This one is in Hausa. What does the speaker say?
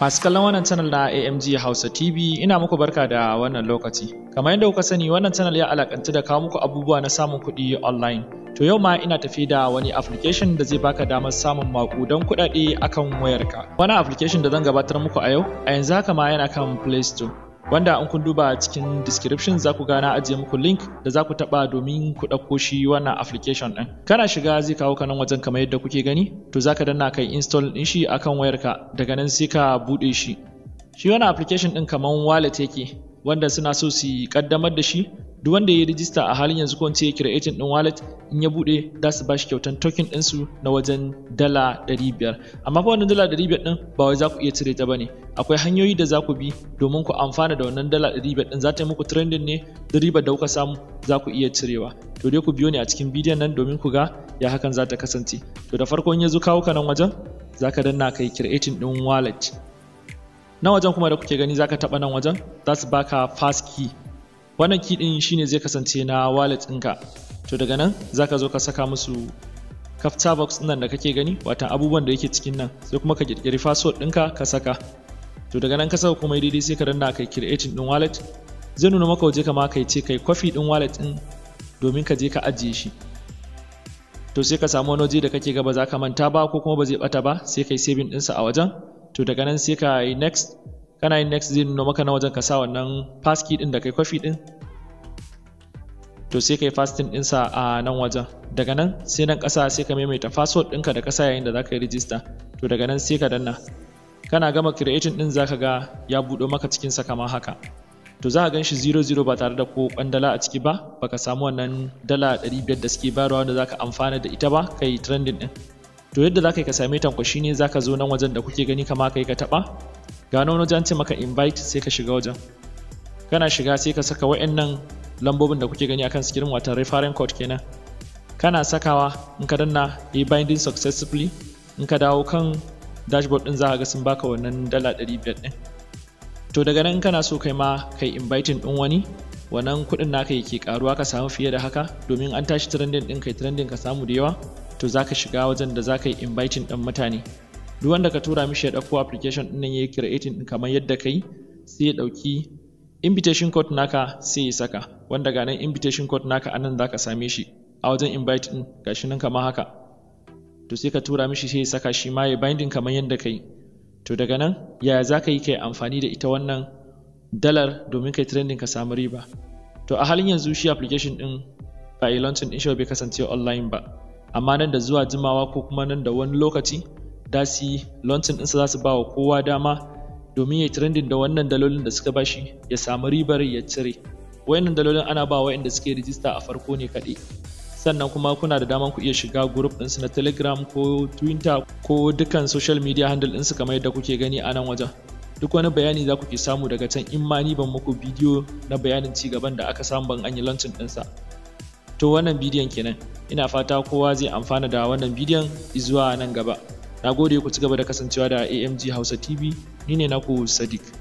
Masu kallon wannan channel na AMG Hausa TV ina muku barka da wannan lokaci. Kamar yadda kuka sani wannan channel ya alakanta da kawo muku abubuwa na samun kuɗi online. To yau ma ina tafi da wani application da zai baka damar samun makudan kuɗaɗe akan wayarka. Wani application da zan gabatar muku a yau a yanzu haka ma yana kan Play Store. wanda an kun duba cikin description za ku gana ajiye muku link da za ku taba domin ku ɗauko shi wannan application ɗin kana shiga zai kawo ka nan wajen kamar yadda kuke gani to za ka danna kai install din shi akan wayarka daga nan sai ka buɗe shi shi wannan application ɗin kamar wallet yake wanda suna so su kaddamar da shi duk wanda ya rijista a halin yanzu ko in ce creating din wallet in ya bude za su bashi kyautan token ɗinsu na wajen dala 500 amma fa wannan dala 500 din ba wai za ku iya cire ta bane akwai hanyoyi da za ku bi domin ku amfana da wannan dala riba din za ta yi muku trending ne da riba da kuka samu za ku iya cirewa to dai ku biyo ni a cikin bidiyon nan domin ku ga ya hakan za ta kasance to da farko in ya zo kawo ka nan wajen za ka danna kai creating din wallet na wajen kuma da kuke gani za ka taɓa nan wajen za su baka fast key wannan key din shine zai kasance na wallet ɗinka to daga nan za ka zo ka saka musu kafta box nan da kake gani watan abubuwan da yake cikin nan sai kuma ka kirkiri password ɗinka ka saka to daga nan ka saka kuma daidai sai ka danna kai creating din wallet zai nuna maka waje kama kai ce kai kwafi din wallet din domin ka je ka ajiye shi to sai ka samu wani waje da kake gaba za ka manta ba ko kuma ba zai bata ba sai kai saving ɗinsa a wajen to daga nan sai ka yi next kana yin next zai nuna maka na wajen ka sa wannan passkey ɗin da kai kwafi ɗin to sai kai fasting ɗinsa a nan wajen daga nan sai nan ƙasa sai ka maimaita password ɗinka da kasa yayin da za ka yi register to daga nan sai ka danna kana gama creating din zaka ga ya buɗo maka cikin sa kamar haka to za a gan shi 00 ba tare da ko kwandala a ciki ba baka samu wannan dala 500 da suke bayarwa wanda zaka amfana da ita ba kai trending din to yadda zaka yi ka same tankwa shine zaka zo nan wajen da kuke gani kama kai ka taba gano wani wajen ce maka invite sai ka shiga wajen kana shiga sai ka saka wayannan lambobin da kuke gani akan screen watan referring code kenan kana sakawa in ka danna e binding successfully in ka dawo kan dashboard din za ga sun baka wannan dala 500 din to daga nan kana so kai ma kai inviting din wani wannan kuɗin naka yake karuwa ka samu fiye da haka domin an tashi trending din kai trending ka samu da yawa to za ka shiga wajen da zaka yi inviting din mutane duk wanda ka tura mishi ya ɗauko application din nan ya yi creating din kamar yadda kai sai ya dauki invitation code naka sai ya saka wanda ga nan invitation code naka anan zaka same shi a wajen invite din gashi nan kamar haka to sai ka tura mishi sai ya saka shi ma ya binding kamar yadda yi, to daga nan yaya za ka yi kai amfani da ita wannan dalar domin kai trending ka samu riba to a halin yanzu shi application din ba a launching din shi bai kasance online ba amma nan da zuwa jimawa ko kuma nan da wani lokaci da su yi launching ɗinsa za su ba wa kowa dama domin ya trending da wannan dalolin da suka bashi ya samu ribar ya cire wayannan dalolin ana ba wa inda suke rijista a farko ne kaɗai sannan kuma kuna da daman ku iya shiga group ɗinsu na telegram ko twitter ko dukkan social media handle ɗinsu kamar yadda kuke gani a nan wajen duk wani bayani za ku ke samu daga can in ma ni ban muku bidiyo na bayanin ci gaban da aka samu ban an yi launching ɗinsa to wannan bidiyon kenan ina fata kowa zai amfana da wannan bidiyon zuwa nan gaba na gode ku ci gaba da kasancewa da amg hausa tv ni ne naku sadiq